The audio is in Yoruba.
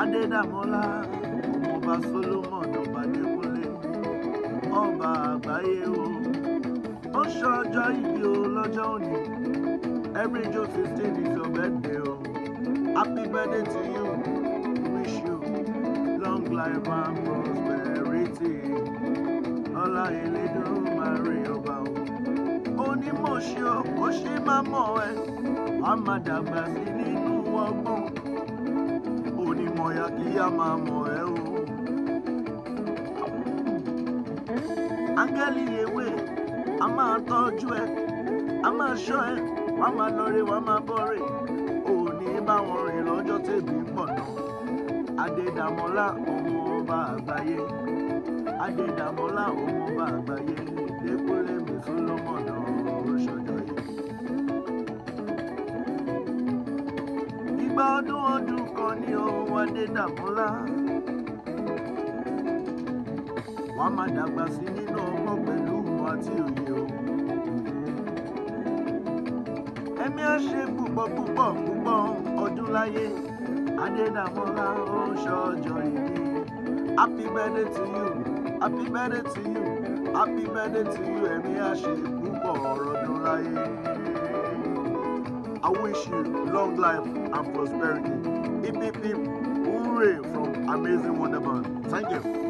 adédàmọ́lá ọba solomon ọba adékúnlé ọba àgbáyé o ó ṣọjọ́ ìbí o sojo oni every june fifteen is your birthday oh, happy birthday to you wish you long life and prosperity ọlá ilé. ó ṣe o ó ṣe má mọ̀ ẹ́ a máa dàgbà sí nínú ọgbọ́n onímọ̀ọ́yà kí a máa mọ̀ ẹ́ o. áńgẹ́lì ewé a máa tọ́jú ẹ a máa ṣọ́ ẹ wàá máa lọre wàá máa bọ́re òní bá wọn rìn lọ́jọ́ tèmi ń náà adédàmọ́lá ọmọ ọba àgbáyé adédàmọ́lá ọmọ ọba àgbáyé. igba ọdún ọdún kan ní ohun adédàmúlá wàá máa dàgbà sí nínú ọgbọ́n pẹ̀lú òun àti òye o ẹ̀mí á ṣe púpọ̀ púpọ̀ púpọ̀ ọdún láyé adédàmúlá ó ń ṣọjọ́ happy birthday to you happy birthday to you happy birthday to you ẹ̀mí á ṣe púpọ̀ ọ̀rọ̀ ọdún láyé. I wish you long life and prosperity. Hip, hip, hip. Hooray from Amazing Wonderman. Thank you.